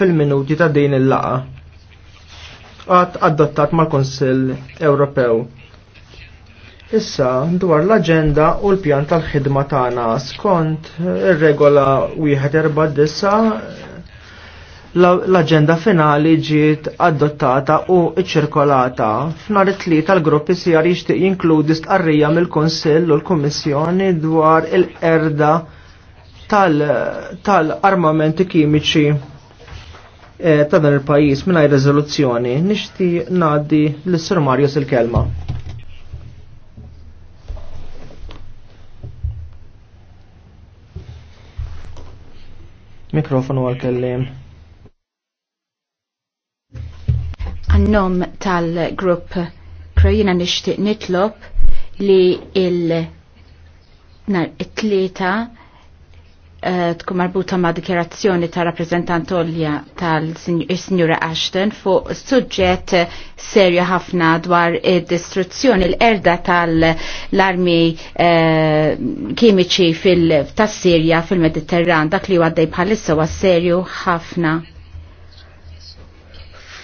fil-minuti ta' din il-laqa. Għad adottat mal-Konsil Ewropew. Issa dwar l-agenda u l-pjan tal-ħidma tagħna skont ir-regola wieħed erbad disa l-agenda finali ġiet adottata u iċirkolata f'nar it-tliet tal-gruppi sijar jixtieq jinkludi stqarrija mill-Kunsill u l-Kummissjoni dwar il-erda tal-armamenti kimiċi Eh, ta' dan il-pajis minna rezoluzzjoni nishti naddi l-Sir Marius il-kelma. Mikrofonu għal-kellim. Annom tal-grupp Krajina nishtiq nitlob li il-nar tlieta Eh, tkun marbuta ma' dikjerazzjoni ta' rappresentant Olja tal signora Ashton fuq suġġett serju ħafna dwar id-distruzzjoni l-erda tal-armi eh, kimiċi tas-Sirja fil-Mediterran dak li għaddej bħalissa huwa serju ħafna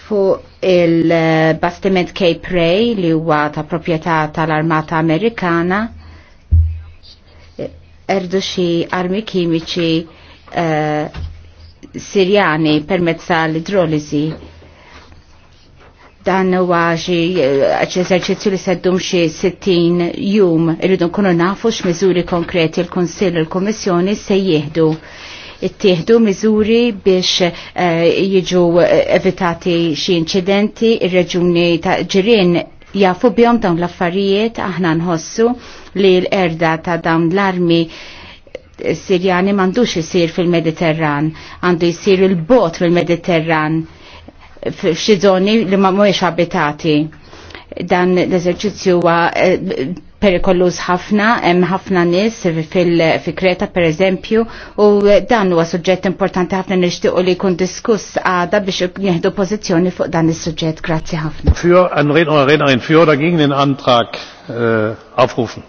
fuq il-bastiment Cape Ray li huwa ta' proprjetà tal-Armata Amerikana erdu xi armi kimiċi uh, Sirjani permezz l idrolizi Dan huwa eh, xi eżerċizzju li seddum xi 60 jum irridu nkunu nafu x'miżuri konkreti l-Kunsill u l-Kummissjoni se jieħdu ittieħdu miżuri biex eh, jiġu evitati xi inċidenti ir-reġuni ta' ġirien jafu bjom dawn l-affarijiet aħna nħossu li l-erda ta' dawn l-armi Sirjani mandux jisir fil-Mediterran, għandu jisir il-bot fil-Mediterran, f'xi zoni li ma mhuwiex abitati. Dan l-eżerċizzju huwa eh, perikolluż ħafna, hemm ħafna nies fil fikreta per eżempju, u dan huwa suġġett importanti ħafna nixtiequ li jkun diskuss għada biex nieħdu pożizzjoni fuq dan is-suġġett. Grazzi ħafna. Fjor an den Antrag äh, aufrufen.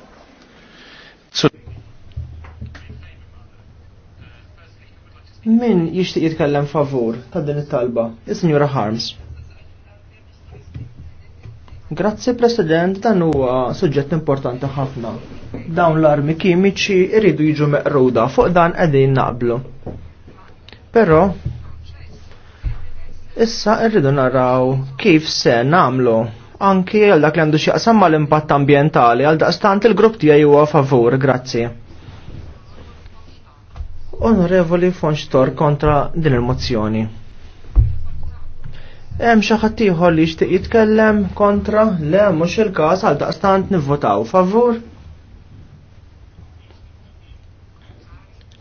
Min jixtieq jitkellem favur ta' din it-talba? Is-Sinjura Harms. Grazzi President, dan huwa suġġett importanti ħafna. Dawn l-armi kimiċi irridu jiġu meqruda fuq dan qegħdin naqblu. Però issa rridu naraw kif se nagħmlu anki għal dak li għandu xieqsam mal impatt ambjentali għal daqstant il-grupp tiegħi huwa favur, grazzi. Onorevoli Fonxtor kontra din il-mozzjoni. Hemm xi ħadd ieħor li jixtieq jitkellem kontra le mhux il-każ għal daqstant nivvotaw favur.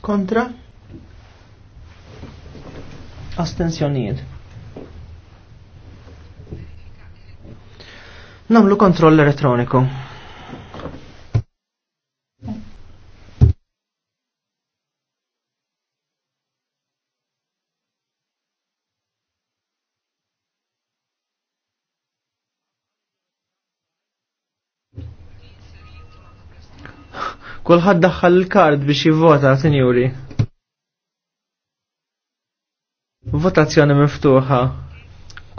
Kontra? Astenzjonijiet. Namlu kontroll elettroniku. Kulħadd daħħal il-kard biex jivvota, sinjuri. Votazzjoni miftuħa.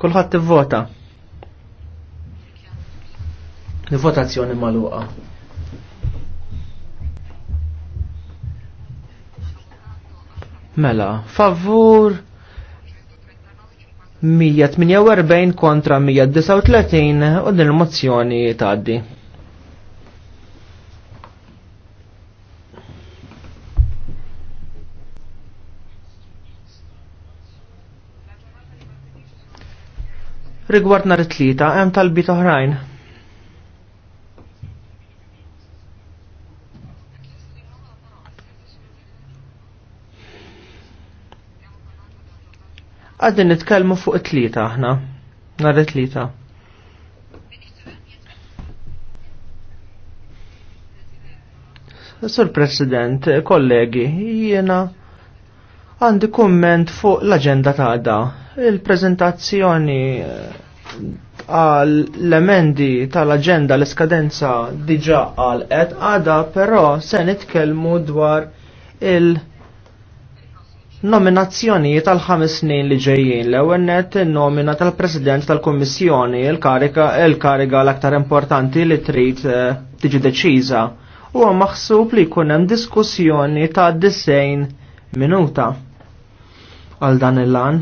Kulħadd ivvota. Votazzjoni magħluqa. Mela, favur 148 kontra 139 u din il-mozzjoni tgħaddi. Rigward nhar it-tlieta hemm talbiet oħrajn. Għaddin nitkellmu fuq it-tlieta aħna, nhar it-tlieta. Sur President, kollegi, jiena għandi komment fuq l-agenda ta' da. Il-prezentazzjoni eh, għal l-emendi tal-agenda l-iskadenza diġa għal ed għada, però se nitkellmu dwar il- Nominazzjonijiet tal-ħames snin li ġejjin l ewwel net nomina tal-President tal-Kummissjoni il kariga il-kariga l-aktar importanti li trid eh, tiġi deċiża u maħsub li jkun hemm diskussjoni ta' disejn minuta għal dan il-lan.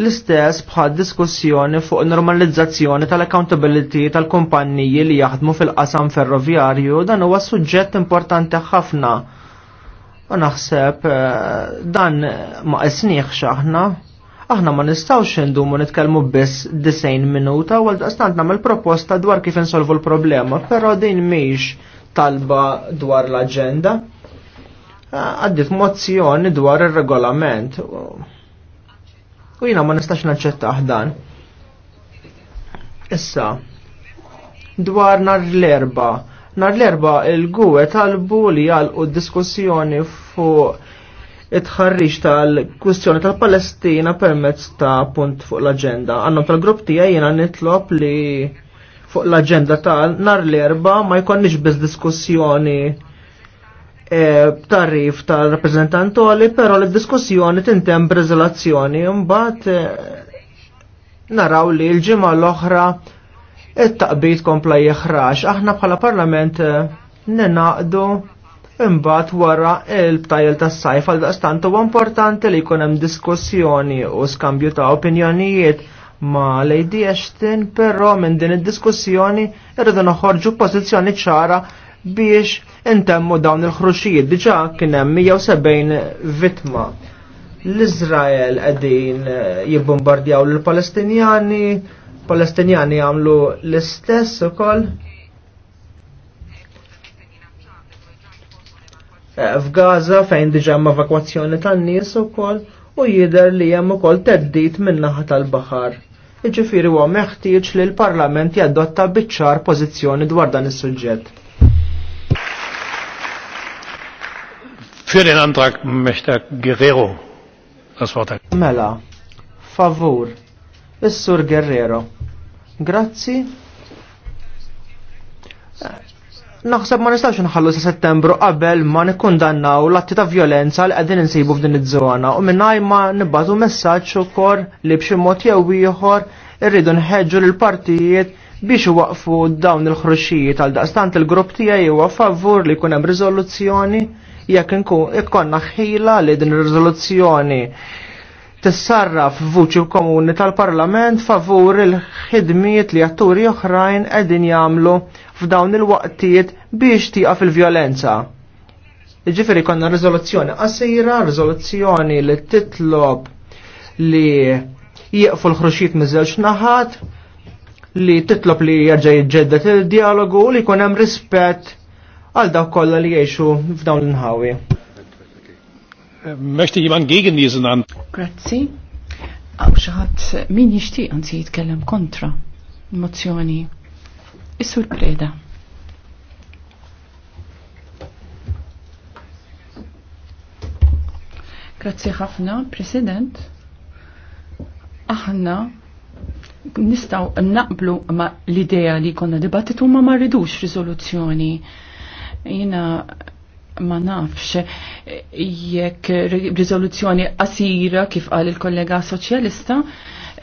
L-istess bħad diskussjoni fuq normalizzazzjoni tal-accountability tal-kumpanniji li jaħdmu fil-qasam ferroviarju dan huwa suġġett importanti ħafna. U naħseb eh, dan ma isniħ xaħna. Aħna ma nistawx indumu nitkellmu biss disejn minuta u għaldaqstant daqstant namel proposta dwar kif insolvu l-problema, però din miex talba dwar l-agenda. Eh, għaddit mozzjoni dwar il-regolament U jina ma nistax naċċetta ħdan. Issa, dwar nar l-erba. Nar l-erba il-gwe talbu li għalqu diskussjoni fuq it-ħarriġ tal-kwistjoni tal-Palestina permezz ta' punt fuq l-agenda. Għannu tal-grupp tiegħi jiena nitlob li fuq l-agenda tal nar l-erba ma jkonniġ biss diskussjoni Eh, tarif tal-rappresentantoli, però li diskussjoni tintem b'riżolazzjoni mbagħad eh, naraw li l-ġimgħa l-oħra it-taqbit kompla jeħrax. Aħna bħala parlament eh, ninaqdu imbagħad wara l-btajl tas-sajf għal daqstant huwa importanti li jkun hemm diskussjoni u skambju ta' opinjonijiet ma Lady Ashton, però minn din id-diskussjoni irridu noħorġu pożizzjoni ċara biex intemmu dawn il-ħruxijiet diġa kien hemm 170 vittma. L-Izrael qegħdin eh, jibbombardjaw lill-Palestinjani, Palestinjani għamlu l-istess ukoll. Eh, F'Gaza fejn diġa hemm evakwazzjoni tan-nies ukoll u jidher li hemm ukoll teddit min-naħa tal-baħar. Iġifieri huwa meħtieġ li l-Parlament jadotta biċ-ċar pożizzjoni dwar dan is-suġġett. Für den Antrag möchte Guerrero das Wort ergreifen. Mela, favur, Is-Sur Guerrero. Grazzi. Naħseb ma nistax nħallu sa' settembru qabel ma nikkundannaw l-atti ta' violenza li qegħdin insibu f'din iż-żona u minnaj ma nibbatu messaġġ ukoll li b'xi mod jew ieħor irridu nħeġġu lil partijiet biex waqfu dawn il-ħruxijiet għal daqstant il-grupp tiegħi huwa favur li jkun hemm riżoluzzjoni jekk inkun, jekk konna ħila li din ir-riżoluzzjoni tissarraf vuċi komuni tal-Parlament favur il-ħidmiet li atturi oħrajn qegħdin jagħmlu f'dawn il-waqtiet biex tieqa fil-vjolenza. Ġifiri konna riżoluzzjoni qasira, riżoluzzjoni li titlob li jieqfu l-ħruxiet miż-żewġ naħat, li titlob li jerġa' jġeddet il-dialogu li jkun hemm rispett għal dawk kollha li jgħixu f'dawn l-inħawi. Mexti jiman gegen jiznan. Grazzi. Għaw xaħat min jishtiq għanzi jitkellem kontra mozzjoni. Is-sur preda. Grazzi ħafna, President. Aħna nistaw naqblu ma l-idea li konna debattitu ma ma rridux rizoluzzjoni Jina ma nafx jekk rizoluzzjoni qasira kif qal il-kollega soċjalista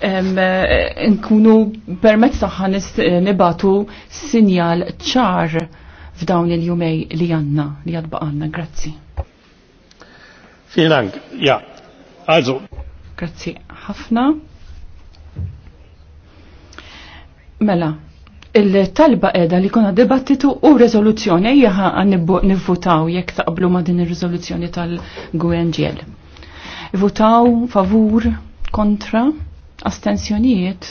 nkunu permezz tagħha nibatu sinjal ċar f'dawn il-jumej li għanna li għandna. Grazzi. Vielen Ja, għazu. Grazzi ħafna. Mela, il-talba edha li kuna dibattitu u rezoluzzjoni jaha nivvutaw jekk taqblu ma din il-rezoluzzjoni tal-GUNGL. Votaw favur kontra astensjonijiet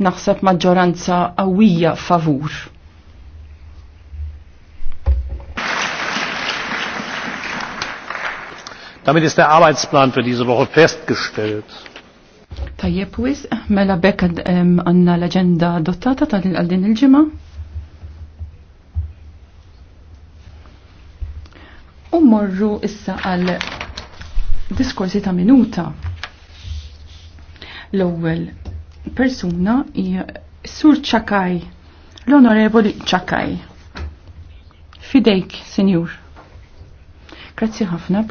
naħseb maġġoranza qawwija favur. Damit ist der Arbeitsplan für diese Woche festgestellt. Tajjeb wis, mela bekk għanna l-agenda adottata tal din il-ġimgħa. U morru issa għal diskorsi ta' minuta. L-ewwel persuna hija Sur Ċakaj, l-Onorevoli Ċakaj. Fidejk, Senjur. Grazzi ħafna.